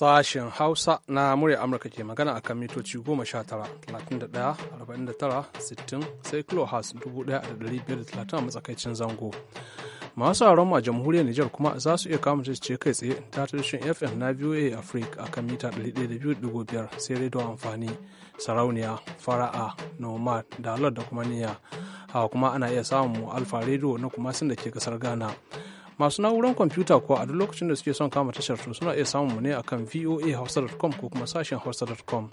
Sashen Hausa na murya Amurka ke magana a kan mitoci 19 31 sai kilohas 1,530 a matsakaicin zango. Masu mu a jamhuriyar Nijar kuma za su iya kama ce kai tsaye ta tashin FM na VOA Africa a kan mita 102.5 sai amfani sarauniya fara'a nomad dalar da kuma niya Hawa kuma ana iya samun alfa rediyo na kuma sun da ke kasar Ghana. masu na'urar kwamfuta ko a duk lokacin da suke son kama tashar to suna iya samun mu ne akan voahausa.com ko kuma sashen hausa.com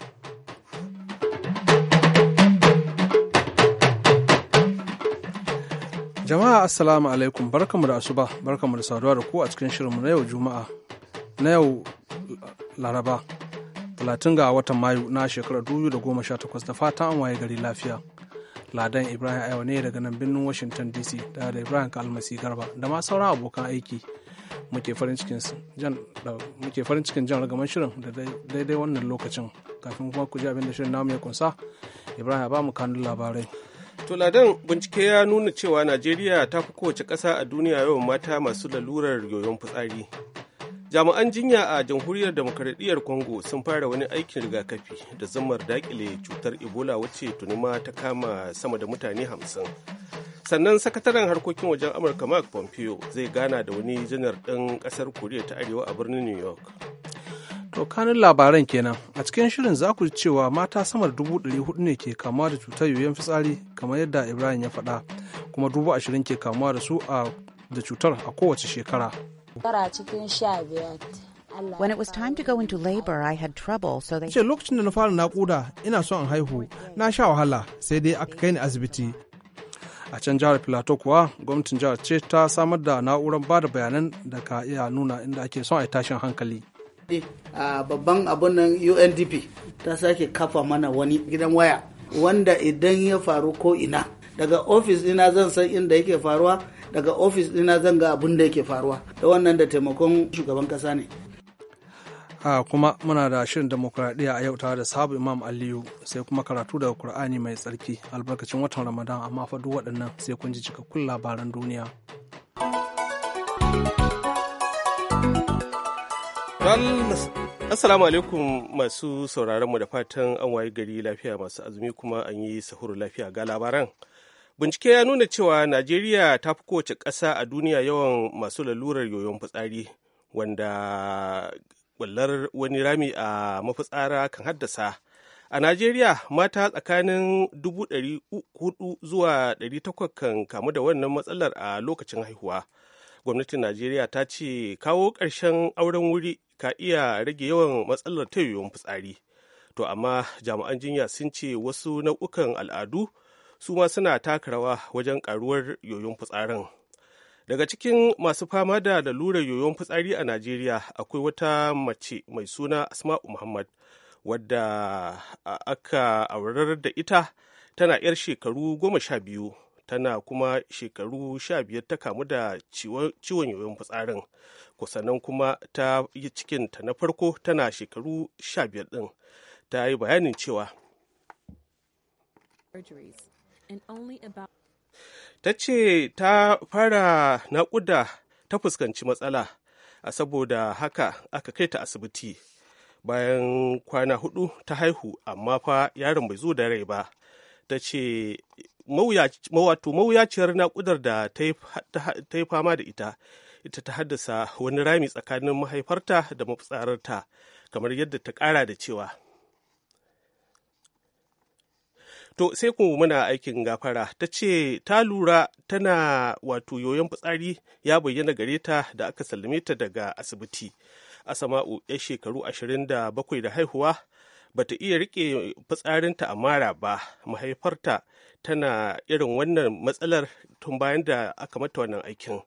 jama'a assalamu alaikum barkamu da asuba barkamu da saduwa da ku a cikin shirinmu na yau juma'a na yau uh, laraba 30 ga watan mayu na shekarar 2018 da fatan an waye gari lafiya Ladan Ibrahim Ayo ne daga nan birnin Washington DC da da Ibrahim Kalmasi Garba da ma sauran abokan aiki muke farin cikin jan ragaman shirin da daidai wannan lokacin kafin kuma ku ji abin da shirin namu ya kunsa Ibrahim ba mu kanun labarai To Ladan bincike ya nuna cewa Najeriya ta fi kowace ƙasa a duniya yawan mata masu lalurar yoyon fitsari. jami'an jinya a jamhuriyar demokradiyyar congo sun fara wani aikin rigakafi da zamar dakile cutar ebola wacce tuni ma ta kama sama da mutane hamsin sannan sakataren harkokin wajen amurka mark pompeo zai gana da wani janar ɗan ƙasar koriya ta arewa a birnin new york to kanin labaran kenan a cikin shirin za ku ji cewa mata samar dubu ɗari hudu ne ke kamuwa da cutar yoyon fitsari kamar yadda ibrahim ya faɗa kuma dubu ashirin ke kamuwa da su a da cutar a kowace shekara When it was time to go into labor, I had trouble, so they... Ce lokacin da na fara naƙuda, ina son in haihu, na sha wahala, sai dai aka kai ni asibiti. A can jihar Filato kuwa, gwamnatin jihar ce ta samar da na'urar ba da bayanan da ka iya nuna inda ake son a tashin hankali. Babban abun nan UNDP ta sake kafa mana wani gidan waya wanda idan ya faru ko ina daga ofis ina zan san inda yake faruwa daga ofis dina zan ga abin da yake faruwa da wannan da taimakon shugaban kasa ne a kuma muna da shirin demokuraɗiyya a yau tare da sabu imam aliyu sai kuma karatu daga kur'ani mai tsarki albarkacin watan ramadan amma fa duk waɗannan sai kun ji cikakkun labaran duniya Assalamu alaikum masu sauraron mu da fatan an waye gari lafiya masu azumi kuma an yi sahuru lafiya ga labaran. bincike ya nuna cewa najeriya ta fi kowace ƙasa a duniya yawan masu lalurar yoyon fitsari wanda ɓullar wani rami a mafitsara kan haddasa a najeriya mata tsakanin 400 zuwa 800 kan kamu da wannan matsalar a lokacin haihuwa gwamnatin najeriya ta ce kawo ƙarshen auren wuri ka iya rage yawan matsalar ta yoyon fitsari to amma jami'an jinya sun ce wasu nau'ukan al'adu su ma suna taka rawa wajen karuwar yoyon fitsarin daga cikin masu fama da lalurar yoyon fitsari a najeriya akwai wata mace mai suna asma'u muhammad wadda aka aurar da ita tana 'yar shekaru goma sha biyu tana kuma shekaru sha biyar ta kamu da ciwon yoyon fitsarin kusannan kuma ta yi cikinta na farko tana shekaru sha biyar ɗin ta yi bayanin cewa Ta ce ta fara naƙuda ta fuskanci matsala, a saboda haka aka kai ta asibiti. Bayan kwana hudu ta haihu, amma fa yaron bai zo da rai ba. Ta ce wato mawuyaciyar naƙudar da ta yi fama da ita ita ta haddasa wani rami tsakanin mahaifarta da mafitsararta kamar yadda ta ƙara da cewa To sai ku muna aikin gafara ta ce ta lura tana wato yoyon fitsari ya bayyana gare ta da aka sallame ta daga asibiti. Asama'u ya shekaru ashirin da bakwai da haihuwa bata iya rike fitsarinta a mara ba mahaifarta tana irin wannan matsalar tun bayan da aka mata wannan aikin.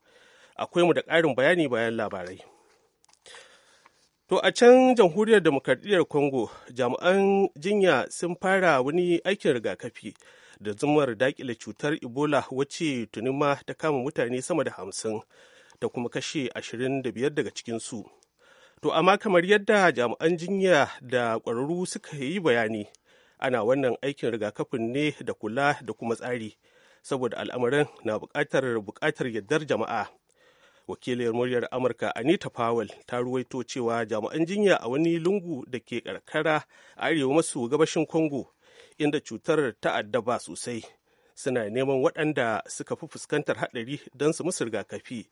Akwai mu da ƙarin bayani bayan labarai. To a can jamhuriyar demokradiyyar Congo jami'an jinya sun fara wani aikin rigakafi da zumar dakile cutar Ebola wacce tuni ma ta kama mutane sama da hamsin da kuma kashe ashirin da biyar daga cikinsu. To amma kamar yadda jami'an jinya da ƙwararru suka yi bayani ana wannan aikin rigakafin ne da kula da kuma tsari saboda al'amarin na buƙatar buƙatar yardar jama'a. wakiliyar muryar amurka anita powell ta ruwaito cewa jami'an jinya a wani lungu da ke karkara a arewa maso gabashin congo inda cutar ta addaba sosai suna neman waɗanda suka fi fuskantar haɗari don su musu rigakafi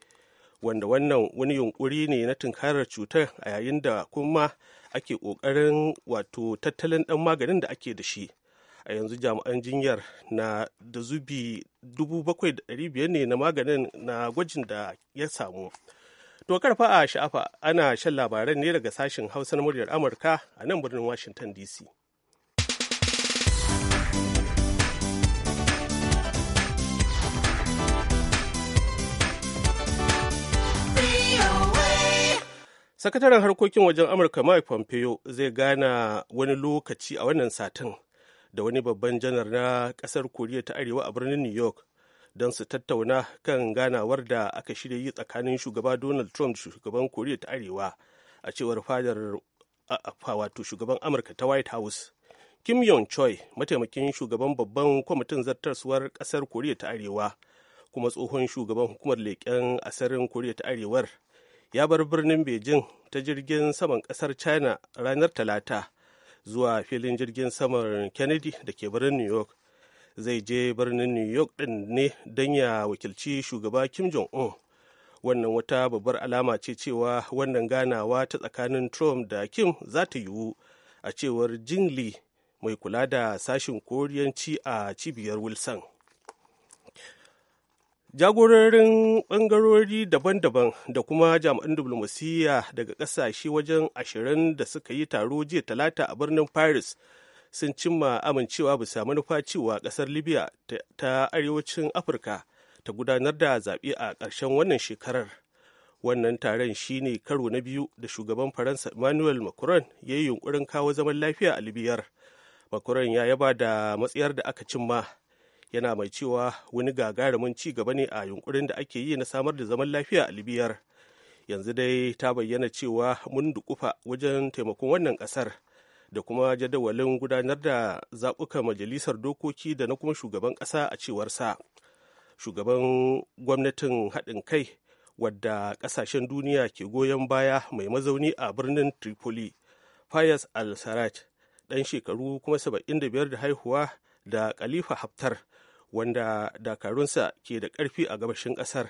wanda wannan wani yunkuri ne na tunkarar cutar a yayin da kuma ake ƙoƙarin wato tattalin ɗan maganin da ake da shi a yanzu jami'an jinyar na da zubi 7,500 ne na maganin na gwajin da ya samu to karfa a sha'afa ana shan labaran ne daga sashen hausa na muryar amurka a nan birnin washington dc sakataren harkokin wajen amurka mike pompeo zai gana wani lokaci a wannan satin da wani babban janar na ƙasar koriya ta arewa a birnin new york don su tattauna kan ganawar da aka shirya yi tsakanin shugaba donald trump da shugaban koriya ta arewa a cewar fadar wato shugaban amurka ta white house kim yong choi mataimakin shugaban babban kwamitin zartarsuwar ƙasar koriya ta arewa kuma tsohon shugaban hukumar leƙen asarin koriya ta arewar ya bar birnin beijing ta jirgin saman ƙasar china ranar talata zuwa filin jirgin saman kennedy da ke birnin new york zai je birnin new york din ne don ya wakilci shugaba kim jong-un wannan wata babbar alama ce cewa wannan ganawa ta tsakanin trump da kim za ta yiwu a cewar jingli mai kula da sashin koriyanci a cibiyar wilson jagororin ɓangarori daban-daban da kuma jami'an diplomasiyya daga ƙasashe wajen ashirin da suka yi taro jiya talata a birnin paris sun cimma amincewa bisa manufa cewa ƙasar libya ta arewacin afirka ta gudanar da zaɓe a ƙarshen wannan shekarar wannan taron shine karo na biyu da shugaban faransa emmanuel macron ya yi yunkurin kawo zaman lafiya a Libiyar. macron ya yaba da matsayar da aka cimma yana mai cewa wani gagarumin ci gaba ne a yunkurin da ake yi na samar da zaman lafiya a libiyar yanzu dai ta bayyana cewa mun dukufa wajen taimakon wannan kasar da kuma jadawalin gudanar da zaɓuka majalisar dokoki da na kuma shugaban ƙasa a cewar sa shugaban gwamnatin haɗin kai wadda ƙasashen duniya ke goyon baya mai mazauni a birnin tripoli fayas al-sarraj ɗan shekaru kuma 75 da haihuwa da khalifa haftar wanda dakarunsa ke da karfi a gabashin ƙasar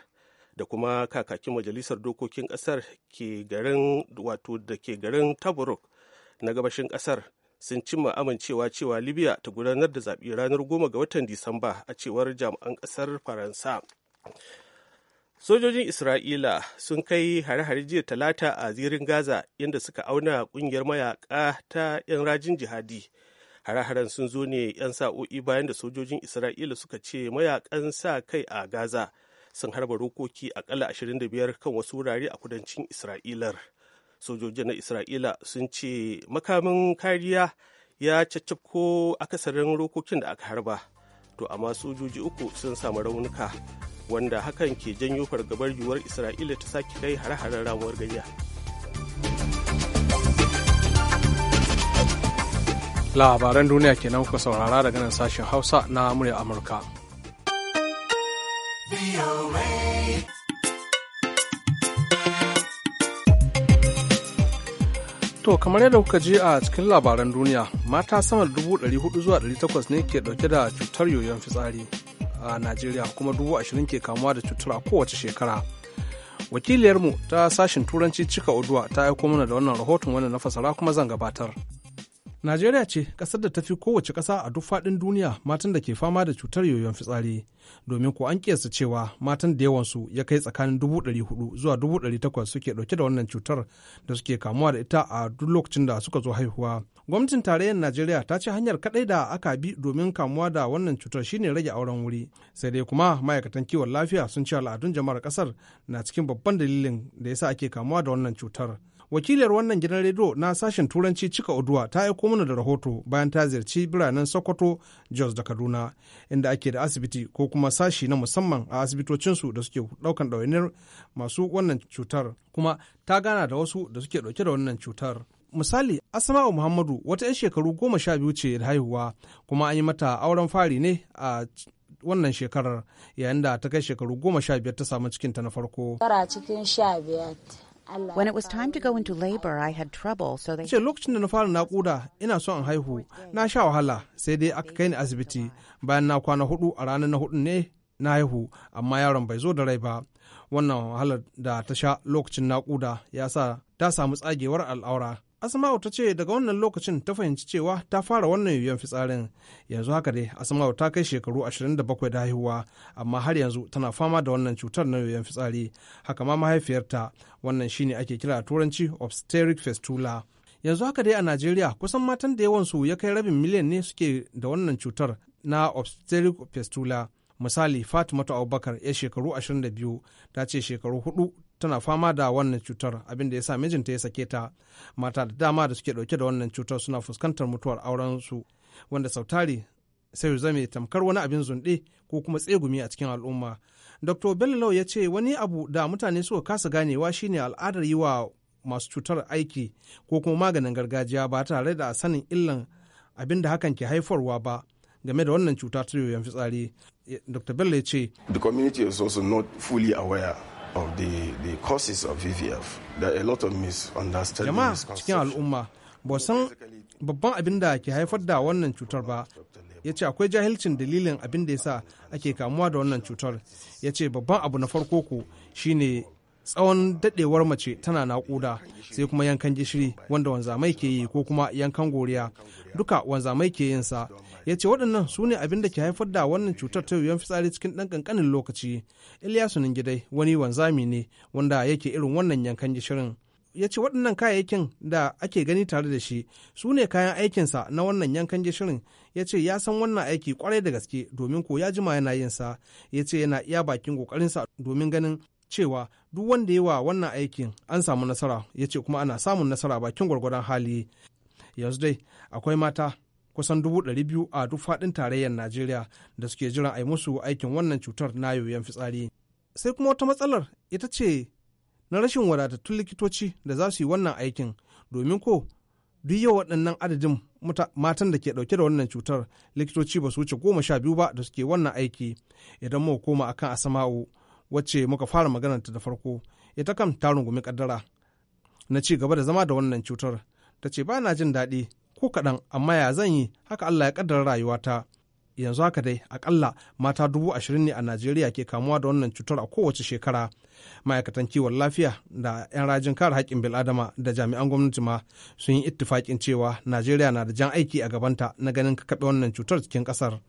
da kuma kakakin majalisar dokokin ƙasar ke garin wato da ke garin tabaruk na gabashin ƙasar sun cimma amincewa cewa libya ta gudanar da zaɓe ranar goma ga watan disamba a cewar jami'an ƙasar faransa sojojin isra'ila sun kai hare-hare jiya talata a zirin gaza inda suka auna ƙungiyar mayaƙa ta 'yan rajin jihadi hare-haren sun zo ne 'yan sa'o'i bayan da sojojin isra'ila suka ce mayakan sa kai a gaza sun harba rokoki akalla 25 kan wasu wurare a kudancin isra'ilar sojojin na isra'ila sun ce makamin kariya ya caccabko akasarin rokokin da aka harba to amma sojoji uku sun samu raunuka wanda hakan ke janyo fargabar yiwuwar isra'ila ta sake kai hare-haren ramuwar gayya. labaran duniya kenan kuka saurara daga nan sashen hausa na murya amurka To kamar yadda kuka je a cikin labaran duniya mata sama da dubu ɗari hudu zuwa ɗari takwas ne ke ɗauke da cutar yoyon fitsari a Najeriya kuma dubu ashirin ke kamuwa da cutar a kowace shekara. Wakiliyarmu ta sashen turanci cika uduwa ta aiko mana da wannan rahoton wanda na fasara kuma zan gabatar. Najeriya ce kasar da ta fi kowace ƙasa a duk faɗin duniya matan da ke fama da cutar yoyon fitsari, domin ko an kiyasta cewa matan da yawansu ya kai tsakanin dubu zuwa dubu suke ɗauke da wannan cutar da suke kamuwa da ita a duk lokacin da suka zo haihuwa. Gwamnatin tarayyar Najeriya ta ce hanyar kaɗai da aka bi domin kamuwa da wannan cutar shine rage auren wuri, sai dai kuma ma'aikatan kiwon lafiya sun ce al'adun jama'ar kasar na cikin babban dalilin da yasa ake kamuwa da wannan cutar. wakiliyar wannan gidan rediyo na sashen turanci cika oduwa ta aiko mana da rahoto bayan ta ziyarci biranen sokoto jos da kaduna inda ake da asibiti ko kuma sashi na musamman a asibitocinsu da suke daukan ɗawainiyar masu wannan cutar kuma ta gana da wasu da suke ɗauke da wannan cutar misali asma'u muhammadu wata 'yan shekaru goma sha biyu ce da haihuwa kuma an yi mata auren fari ne a wannan shekarar yayin da ta kai shekaru goma sha biyar ta samu cikinta na farko. Kara cikin sha biyar When it was time to go into labor, I had trouble, so they... Ce lokacin da na fara naƙuda, ina so in haihu, na sha wahala, sai dai aka kai ni asibiti. Bayan na kwana hudu a ranar na hudu ne na haihu, amma yaron bai zo da rai ba. Wannan wahalar da ta sha lokacin naƙuda ya sa ta samu tsagewar al'aura. Asma'u ta ce daga wannan lokacin ta fahimci cewa ta fara wannan yoyon fitsarin yanzu haka dai Asma'u ta kai shekaru 27 da haihuwa amma har yanzu tana fama da wannan cutar na yoyon fitsari haka ma mahaifiyarta wannan shine ake kira a turanci obstetric fistula yanzu haka dai a Najeriya kusan matan da yawan su ya kai rabin miliyan ne suke da wannan cutar na obstetric fistula misali fatimatu abubakar ya shekaru 22 ta ce shekaru hudu tana fama da wannan cutar abinda ya sa mijinta ya sake ta mata da dama da suke dauke da wannan cutar suna fuskantar mutuwar aurensu wanda sautari sai zame tamkar wani abin zunɗe ko kuma tsegumi a cikin al'umma dr bello ya ce wani abu da mutane suka kasa ganewa shine al'adar yi wa masu cutar aiki ko kuma maganin gargajiya ba tare da sanin illan abin da hakan ke haifarwa ba game da wannan cuta ta yoyon fitsari dr bello ya ce the community is also not fully aware of the, of VVF. There are a lot Jama'a cikin al'umma ba san babban abin da ke haifar da wannan cutar ba. Ya ce akwai jahilcin dalilin abin da ya sa ake kamuwa da wannan cutar. Ya ce babban abu na farko ko shine tsawon dadewar mace tana naƙuda sai kuma yankan gishiri wanda wanzamai ke yi ko kuma yankan goriya duka wanzamai ke yin sa ya ce waɗannan su ne abin da ke haifar da wannan cutar ta yiwuwar fitsari cikin ɗan ƙanƙanin lokaci ilyasu gidai wani wanzami ne wanda yake irin wannan yankan gishirin ya ce waɗannan kayayyakin da ake gani tare da shi su ne kayan aikinsa na wannan yankan gishirin ya ce ya san wannan aiki kwarai da gaske domin ko ya jima yana yin sa ya ce yana iya bakin kokarinsa domin ganin cewa duk wanda ya wa wannan aikin an samu nasara ya ce kuma ana samun nasara bakin gwargwadon hali yanzu dai akwai mata kusan dubu ɗari biyu a duk faɗin tarayyar najeriya da suke jiran a yi musu aikin wannan cutar na yoyon fitsari sai kuma wata matsalar ita ce na rashin wadatattun likitoci da za su yi wannan aikin domin ko duk yau waɗannan adadin matan da ke ɗauke da wannan cutar likitoci ba su wuce goma sha biyu ba da suke wannan aiki idan mu koma akan asama'u wacce muka fara maganar ta da farko ita kam ta rungumi kaddara na ci gaba da zama da wannan cutar ta ce ba na jin daɗi ko kaɗan amma ya zan yi haka Allah ya kaddara rayuwata yanzu haka dai akalla mata dubu ashirin ne a Najeriya ke kamuwa da wannan cutar a kowace shekara ma'aikatan kiwon lafiya da 'yan rajin kare haƙƙin bil'adama da jami'an gwamnati ma sun yi ittifaƙin cewa Najeriya na da jan aiki a gabanta na ganin kaɓe wannan cutar cikin ƙasar.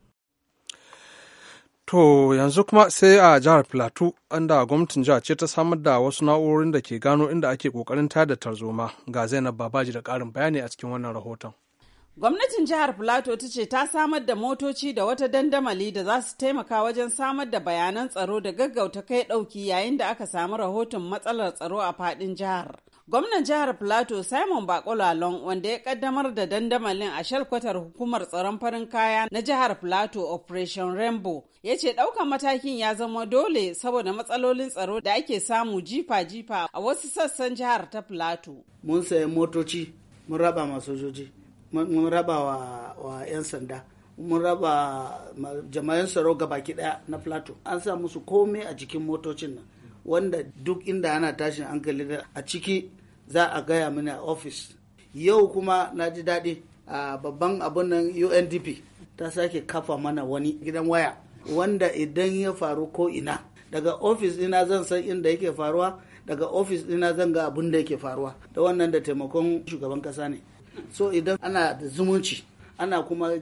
To yanzu kuma sai a jihar an da gwamnatin jihar ce ta samar da wasu na'urorin da ke gano inda ake kokarin tada tarzoma ga Zainab Babaji da karin bayani a cikin wannan rahoton. Gwamnatin jihar Filato ta ce ta samar da motoci da wata dandamali da za su taimaka wajen samar da bayanan tsaro da gaggauta kai ɗauki yayin da aka samu rahoton matsalar tsaro a faɗin jihar. Gwamnan jihar Plateau Simon Bakolalon wanda ya kaddamar da dandamalin a shalkwatar hukumar tsaron farin kaya na jihar Plateau Operation Rainbow ya ce daukan matakin ya zama dole saboda matsalolin tsaro da ake samu jifa-jifa a wasu sassan jihar ta Plateau. Mun sayi motoci, mun raba masu sojoji, mun raba wa 'yan sanda. mun raba jama'in tsaro baki daya na plateau an sa musu komai a jikin motocin nan wanda duk inda ana tashin hankali a ciki za a gaya mini a ofis yau kuma na ji daɗi a babban abin nan undp ta sake kafa mana wani gidan waya wanda idan ya faru ko ina daga ofis ina zan san inda yake faruwa daga ofis ina zan ga abin da yake faruwa da wannan da taimakon shugaban kasa ne so idan ana da zumunci ana kuma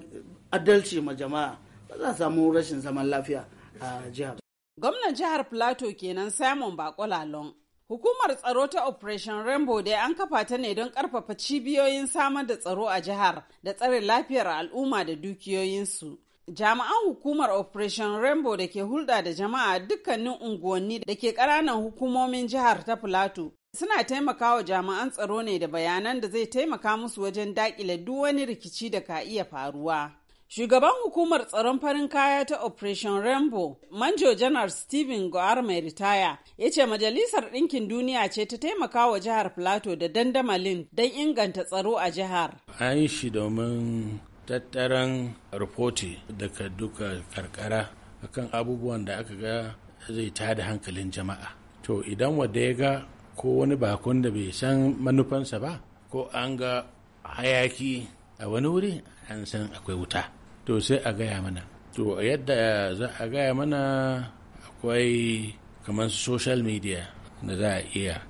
adalci ma jama'a ba za a samu rashin zaman lafiya a jihar gwamnan jihar plateau kenan simon bakolalon Hukumar tsaro ta Operation Rainbow dai an kafa ta ne don karfafa cibiyoyin samar da tsaro a jihar da tsarin lafiyar al'umma da dukiyoyinsu. Jami'an hukumar Operation Rainbow da ke hulɗa da jama'a dukkanin unguwanni da ke ƙananan hukumomin jihar ta Filato suna taimakawa jami'an tsaro ne da bayanan da zai taimaka musu wajen daƙile duk wani rikici da ka iya faruwa. Shugaban hukumar tsaron farin kaya ta Operation Rainbow, Manjo Janar Steven Goar mai ritaya, ya ce Majalisar Ɗinkin Duniya ce ta taimaka wa jihar Plateau da dandamalin don inganta tsaro a jihar. An shi domin tattaran rufoti daga duka karkara akan abubuwan da aka ga zai tada hankalin jama'a. To idan wanda ya ga ko wani bakon da bai san manufansa ba, ko an ga hayaki a wani wuri an san akwai wuta to sai a gaya mana to yadda za a gaya mana akwai kamar social media da za a iya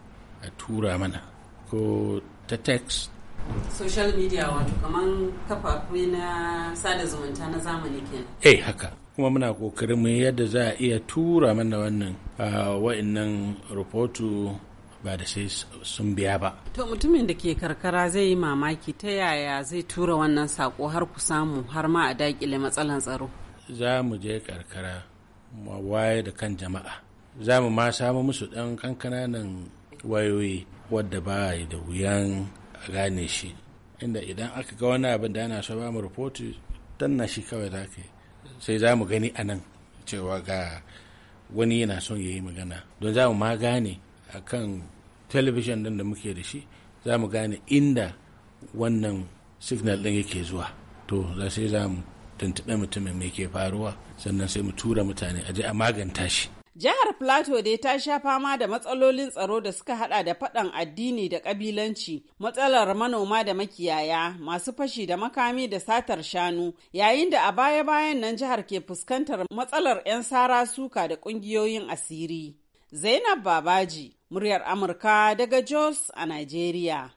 a tura mana ko ta text social media wato kamar kafafi na sada zumunta na zamani kenan eh haka kuma muna kokarin mu yadda za a iya tura mana wannan ah, wa'annan rahoto ba da sai sun biya ba. To mutumin da ke karkara zai yi mamaki ta yaya zai tura wannan sako har ku samu har ma a dakile matsalan tsaro. Za mu je karkara mu waye da kan jama'a. Za mu ma samu musu ɗan nan wayoyi wadda ba yi da wuyan a gane shi. Inda idan aka ga wani abin da ana so ba mu rahoto danna shi kawai za ka Sai za mu gani a nan cewa ga wani yana son ya yi magana don za mu ma gane akan television din da muke da shi za mu gane inda wannan signal din yake zuwa to za sai za mu tuntube mutumin mai ke faruwa sannan sai mu tura mutane a a maganta shi Jihar Plateau dai ta sha fama da matsalolin tsaro da suka hada da faɗan addini da ƙabilanci, matsalar manoma da makiyaya, masu fashi da makami da satar shanu, yayin da a baya-bayan nan jihar ke fuskantar matsalar 'yan sara suka da ƙungiyoyin asiri. Zainab Babaji, muryar Amurka daga Jos a Najeriya.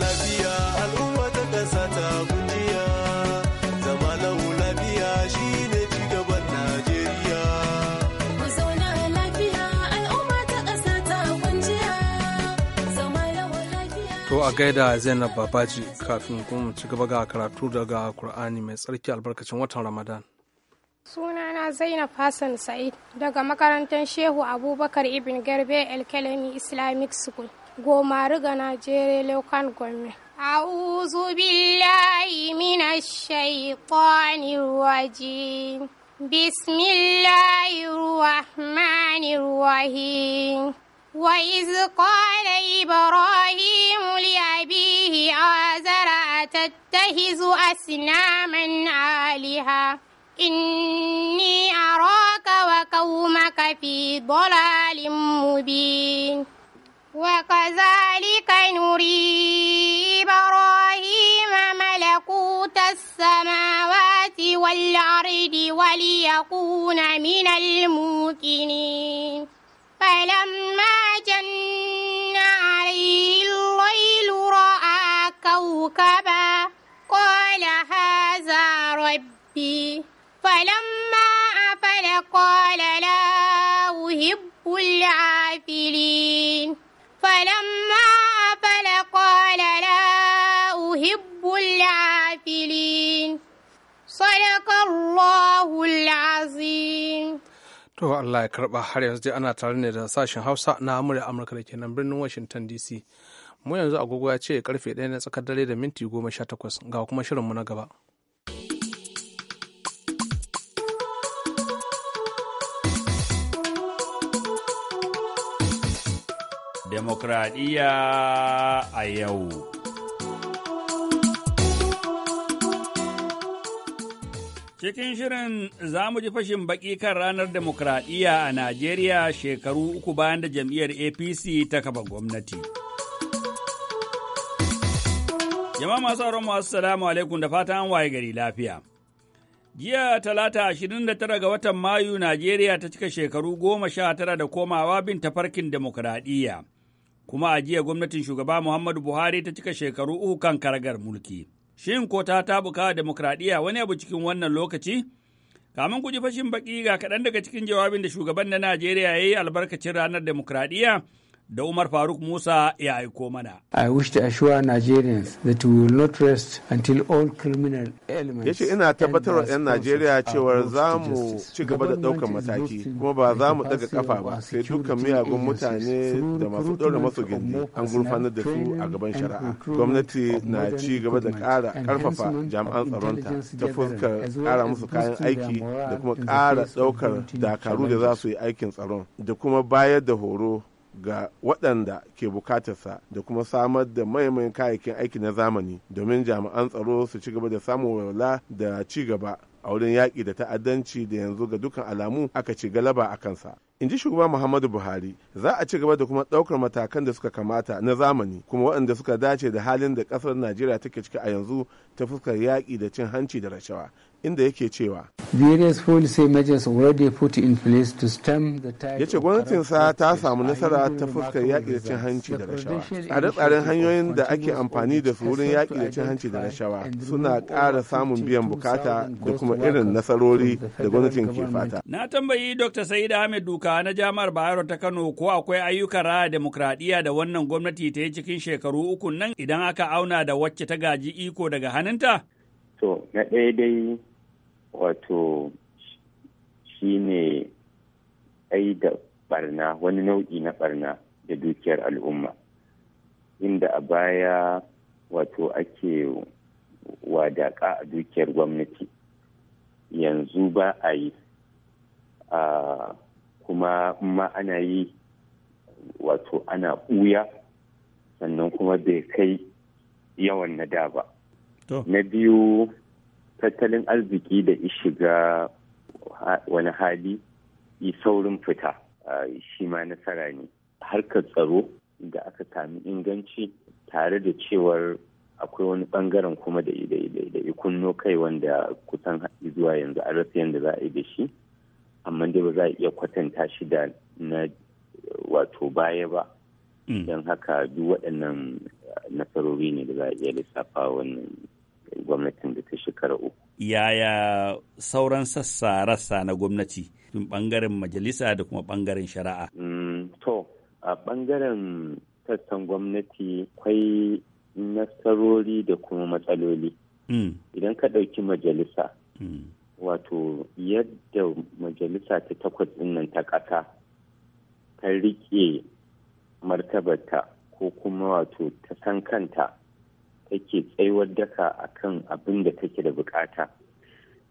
lafiya al'umma Najeriya. To a gaida Zainab Babaji kafin kuma ci gaba ga karatu daga Kur'ani mai tsarki albarkacin watan Ramadan. Sunana Zainab Hassan Sa'id daga makarantar Shehu Abubakar Ibn Garbe Elkelemi Islamic School, goma Gomariga, Najeriya, mina Gwamnati. أعوذ بالله من الشيطان الرجيم بسم الله الرحمن الرحيم وإذ قال إبراهيم لأبيه آزر أتتخذ sinaman آلهة إني أراك وقومك في ضلال مبين وكذلك نري إبراهيم ملكوت السماوات والأرض وليكون من الموقنين فلما جن عليه الليل رأى كوكبا قال هذا ربي فلما عفل قال لا أحب العافلين فلما عفل قال لا أحب العافلين صدق الله العظيم To Allah ya karba har yanzu dai ana tare ne da sashen Hausa na Amurka Amurka da ke nan birnin Washington DC. Mu yanzu agogo ya ce karfe ɗaya na tsakar dare da minti goma sha takwas ga kuma shirinmu na gaba. demokradiyya a yau. Cikin shirin za mu ji fashin baƙi kan ranar demokradiyya a Najeriya shekaru uku bayan da jam'iyyar APC ta kafa gwamnati. Jama'a masu auren masu salamu alaikum da fatan waye gari lafiya. Jiya talata da tara ga watan Mayu, Najeriya ta cika shekaru goma sha tara da komawa bin tafarkin demokradiyya. kuma a jiya gwamnatin shugaba Muhammadu Buhari ta cika shekaru uku kan karagar mulki. Shin ko ta tabuka demokradiyya wani abu cikin wannan lokaci? Kamin ku ji fashin baki ga kaɗan daga cikin jawabin da shugaban na Najeriya ya yi albarkacin ranar demokradiyya da Umar Faruk Musa ya aiko mana. I wish to assure Nigerians that we will not rest until all criminal elements. Yace ina tabbatar wa 'yan Najeriya cewar za mu ci gaba da ɗaukar mataki kuma ba za mu ɗaga kafa ba sai dukkan miyagun mutane da masu ɗaura masu gindi an gurfanar da su a gaban shari'a. Gwamnati na ci gaba da ƙara ƙarfafa jami'an tsaronta ta fuskar ƙara musu kayan aiki da kuma ƙara ɗaukar dakaru da za su yi aikin tsaron da kuma bayar da horo ga waɗanda ke bukatarsa da kuma samar da maimai kayayyakin aiki na zamani domin jami'an tsaro su ci gaba da samun walwala da ci gaba a wurin yaƙi da ta'addanci da yanzu ga dukkan alamu aka ci galaba a kansa in ji shugaba muhammadu buhari za a ci gaba da kuma ɗaukar matakan da suka kamata na zamani kuma waɗanda suka dace da halin da ƙasar najeriya take ciki a yanzu ta fuskar yaƙi da cin hanci da rashawa inda yake cewa in the ya ce gwamnatinsa ta samu nasara ta fuskar yaƙi da cin hanci da rashawa tsare-tsaren hanyoyin da ake amfani da su wurin yaƙi da cin hanci da rashawa suna ƙara samun biyan bukata da kuma irin nasarori da gwamnatin ke fata na tambayi dr sa'ida ahmed duka na jami'ar bayero ta kano ko akwai ayyukan raya demokradiyya da wannan gwamnati ta yi cikin shekaru uku nan idan aka auna da wacce ta gaji iko daga hannunta to na ɗaya dai wato shine ai da barna wani nau'i na barna da dukiyar al'umma inda a baya wato ake wadaƙa a dukiyar gwamnati yanzu ba a yi kuma ma ana yi wato ana ɓuya sannan kuma bai kai yawan na da ba na biyu tattalin arziki da shiga wani hali yi saurin fita shi ma nasara ne harkar tsaro da aka sami inganci tare da cewar akwai wani bangaren kuma da kunno kai wanda kusan zuwa yanzu an rasa yadda za a yi da shi amma dai ba za a iya kwatanta shi da na wato baya ba mm. don haka duk waɗannan nasarori ne da za a iya lissafa wannan gwamnatin da ta shekara uku. Yaya sauran sassa rassa na gwamnati tun bangaren majalisa da kuma bangaren shari'a? Mm, to, a bangaren sassan gwamnati kwai nasarori da kuma matsaloli. Mm. Idan ka ɗauki majalisa, mm. wato yadda majalisa ta takwas nan ta ƙasa Ka riƙe martabarta ko kuma wato ta san kanta. take tsayuwar daka akan abin da take da bukata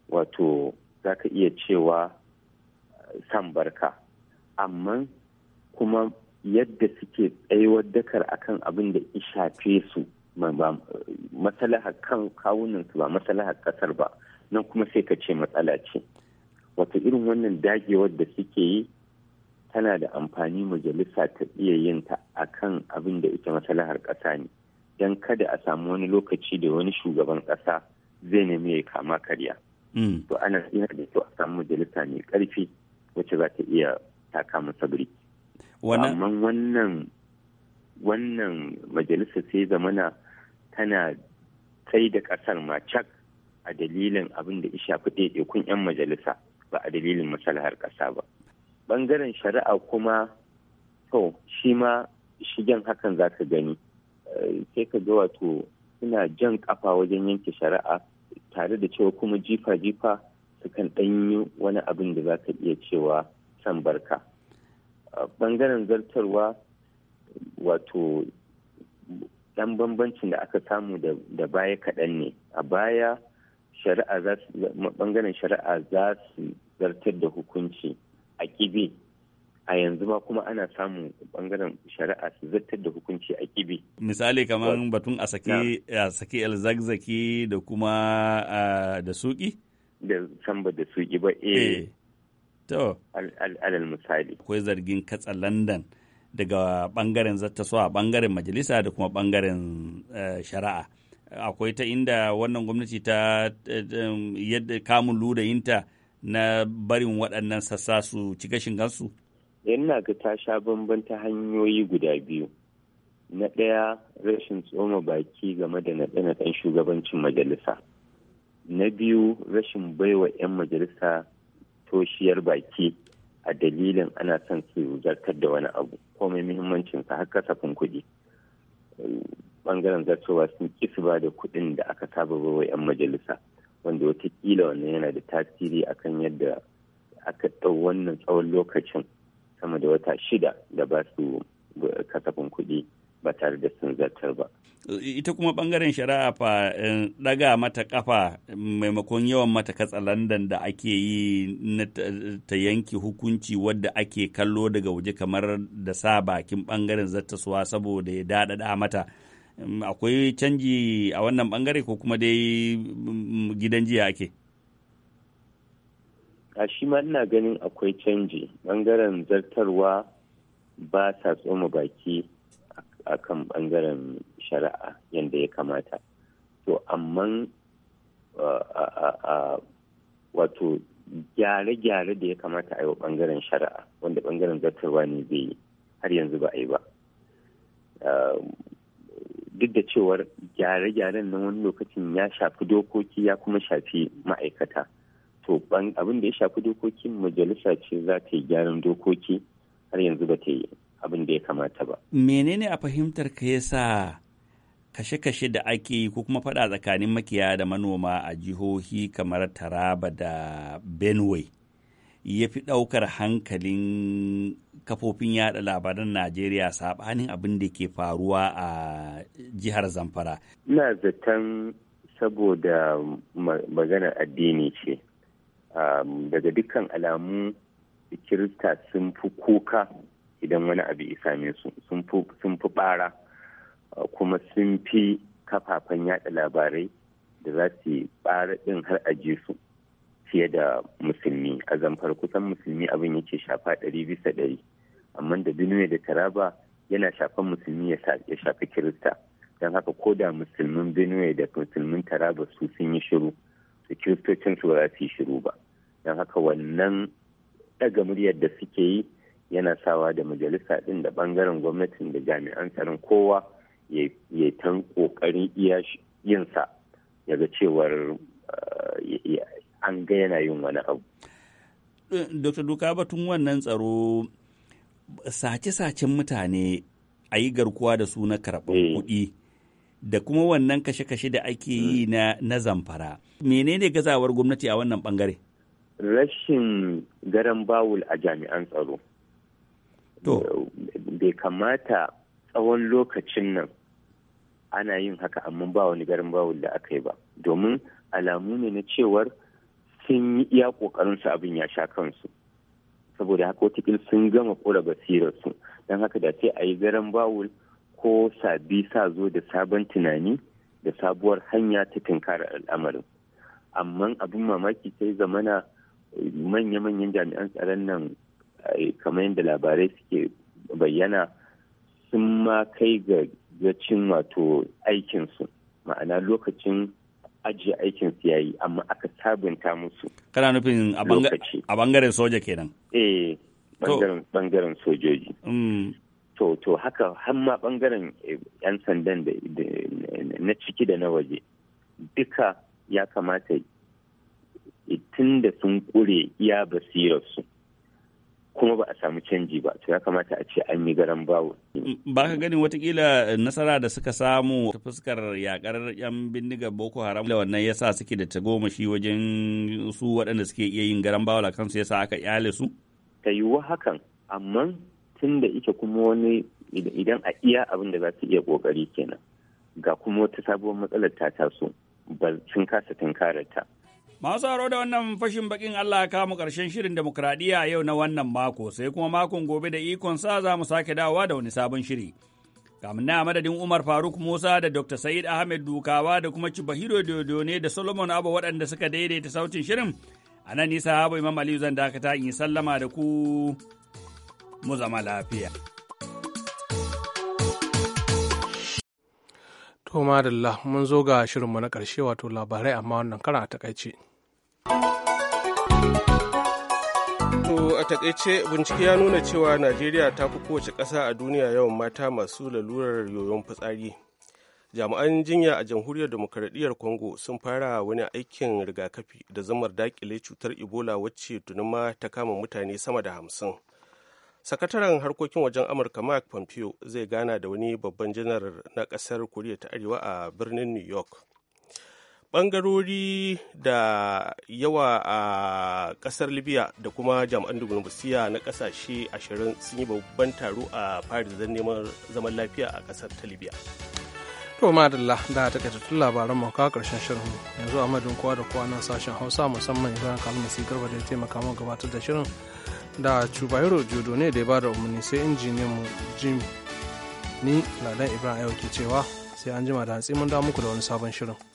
wato za ka iya cewa eh, san barka amma kuma yadda suke tsayuwar dakar akan abin da shafe su masalahar kan kawunansu ba masalahar kasar ba nan kuma sai ka ce matsala ce wato irin wannan dagewar da suke yi tana da amfani majalisa ta iya yin ta akan abin da ita masalahar ƙasa ne don kada a samu wani lokaci da wani shugaban ƙasa zai nemi ya kama karya. Hmm. To ana iya da kyau a samu majalisa mai ƙarfi wacce za ta iya taka masa biri. Amma wannan wannan majalisa sai zamana tana kai da ƙasar macak a dalilin abin da ya shafi ɗaiɗaikun 'yan majalisa ba a dalilin masalahar ƙasa ba. Bangaren shari'a kuma to shi ma shigen hakan za ka gani. sai ka ga wato suna jan kafa wajen yanke shari'a tare da cewa kuma jifa-jifa kan ɗanyi wani abin da za ka iya cewa san barka ɓangaren zartarwa wato ɗan bambancin da aka samu da baya kaɗan ne a baya shari'a ɓangaren shari'a za su zartar da hukunci a kibe a yanzu ma kuma ana samun bangaren shari'a su zartar da hukunci a kibi. Misali kamar batun a saki a saki da kuma da suki? Da samba da suki ba eh. eh. To. Alal misali. Akwai zargin katsa London daga bangaren a bangaren majalisa da kuma bangaren eh, shari'a. Akwai ta inda wannan gwamnati ta yadda kamun ludayinta na barin waɗannan sassa su ci gashin yana ga ta sha bamban ta hanyoyi guda biyu na ɗaya rashin tsoma baki game da naɗe-naɗen shugabancin majalisa na biyu rashin baiwa 'yan majalisa toshiyar baki a dalilin ana son su zartar da wani abu komai muhimmancin sa har kasafin kuɗi bangaren zartowa sun kisu ba da kuɗin da aka saba wa 'yan majalisa wanda watakila wannan yana da tasiri akan yadda aka ɗau wannan tsawon lokacin sama da wata shida da ba su kasafin kuɗi ba tare da sun zartar ba. Ita kuma ɓangaren shari'a fa eh, ɗaga mata ƙafa maimakon yawan mata landan da ake yi na ta yanki hukunci wadda ake kallo daga waje kamar da sa bakin ɓangaren zattasuwa saboda ya daɗaɗa mata. Akwai canji a wannan ɓangare ko kuma dai mm, gidan jiya ake? a shi ma ina ganin akwai canji bangaren zartarwa ba ta tsoma baki a kan bangaren shari'a yadda ya kamata to amma wato gyare-gyare da ya kamata a yi wa bangaren shari'a wanda bangaren zartarwa ne zai yi har yanzu ba a yi ba duk da cewar gyare-gyaren na wani lokacin ya shafi dokoki ya kuma shafi ma'aikata to abin da ya shafi dokokin majalisa ce za ta yi gyaran dokoki har yanzu ba ta yi abin da ya kamata ba. Menene a fahimtar ka yasa kashe-kashe da ake yi ko kuma faɗa tsakanin makiya da manoma a jihohi kamar Taraba da Benue ya fi ɗaukar hankalin kafofin yada labaran Najeriya saɓanin abin da ke faruwa a jihar Zamfara. Ina zaton saboda maganar addini ce. Um, daga dukkan alamu kirista sun fi kuka idan wani abu ya same su sun fi bara uh, kuma sun fi kafafen yada labarai da za su bara din har aje su fiye da musulmi a zamfar kusan musulmi abin yake shafa ɗari bisa ɗari amma da duniya da taraba yana shafan musulmi ya shafi kirista don haka ko da musulmin benue da musulmin taraba su sun yi shiru da kiristocin su ba su yi shiru ba don haka wannan ɗaga muryar da suke yi yana sawa da majalisa ɗin da bangaren gwamnatin da jami'an tsaron kowa ya tan ƙoƙarin iya yinsa ya cewar eh, an ga yana yin wani abu. Dr. Duka batun wannan tsaro sace-sacen mutane a yi garkuwa da su na karɓar eh. kuɗi da kuma wannan kashe-kashe da ake yi mm. na, zamfara. Menene gazawar gwamnati a wannan bangare? Rashin garan bawul a jami'an tsaro. To. Bai kamata tsawon lokacin nan ana yin haka amma ba wani garin bawul da aka yi ba. Domin alamu ne na cewar sun yi iya ƙoƙarinsu abin ya sha kansu. Saboda haka wata sun gama ƙura basirarsu. Don haka da sai a yi garan bawul ko sabi sa zo da sabon tunani da sabuwar hanya ta tunkarar al'amarin amma abin mamaki sai zamana eh, manya-manyan jami'an tsaron nan eh, kamar yadda labarai suke bayyana sun ma kai ga gacin wato aikinsu ma'ana lokacin ajiye aikinsu ya amma aka sabunta musu kana nufin a bangaren soja kenan eh bangaren sojoji mm. to to haka hamma bangaren yan eh, sandan da na ciki da na waje duka ya kamata tun da sun kure iya basirarsu kuma ba a samu canji ba to ya kamata a ce an yi garan bawo. ba ka gani watakila nasara da suka samu ta fuskar yakar yan bindiga boko haram da wannan yasa suke da tagomashi wajen su waɗanda suke iya yin garan bawo kansu yasa aka yale su ta yiwu hakan amma tun da ita kuma wani idan a iya abin da za su iya kokari kenan ga kuma wata sabuwar matsalar ta taso ba sun kasa tunkarar ta. Masu haro da wannan fashin bakin Allah ya mu karshen shirin demokradiyya yau na wannan mako sai kuma makon gobe da ikon sa za mu sake dawowa da wani sabon shiri. Kamun na madadin Umar Faruk Musa da Dr. Said Ahmed Dukawa da kuma Cibahiro ne da Solomon Abu waɗanda suka daidaita sautin shirin. A nan nisa Habu Imam Aliyu zan dakata in yi sallama da ku mu zama lafiya. To madalla mun zo ga shirinmu na ƙarshe wato labarai amma wannan karan a takaice. To a takaice bincike ya nuna cewa Najeriya ta fi kowace ƙasa a duniya yawan mata masu lalurar yoyon fitsari. Jami'an jinya a jamhuriyar demokaradiyyar Congo sun fara wani aikin rigakafi da zamar dakile cutar Ebola wacce tunuma ta kama mutane sama da hamsin. sakataren harkokin wajen amurka mark pompeo zai gana da wani babban janar na kasar koriya ta arewa a birnin new york bangarori da yawa a kasar libya da kuma jami'an diplomasiya na kasashe ashirin sun yi babban taro a paris don neman zaman lafiya a kasar ta libya To madalla da ta kaitattun labaran mu ka karshen shirin yanzu a kowa da kowa nan sashen Hausa musamman idan kalmar garba da ya taimaka gabatar da shirin da Chubairo Jodo ne da ya da umarni sai injiniyan mu Jim ni Ladan Ibrahim Ayo ke cewa sai an jima da hatsi mun da muku da wani sabon shirin.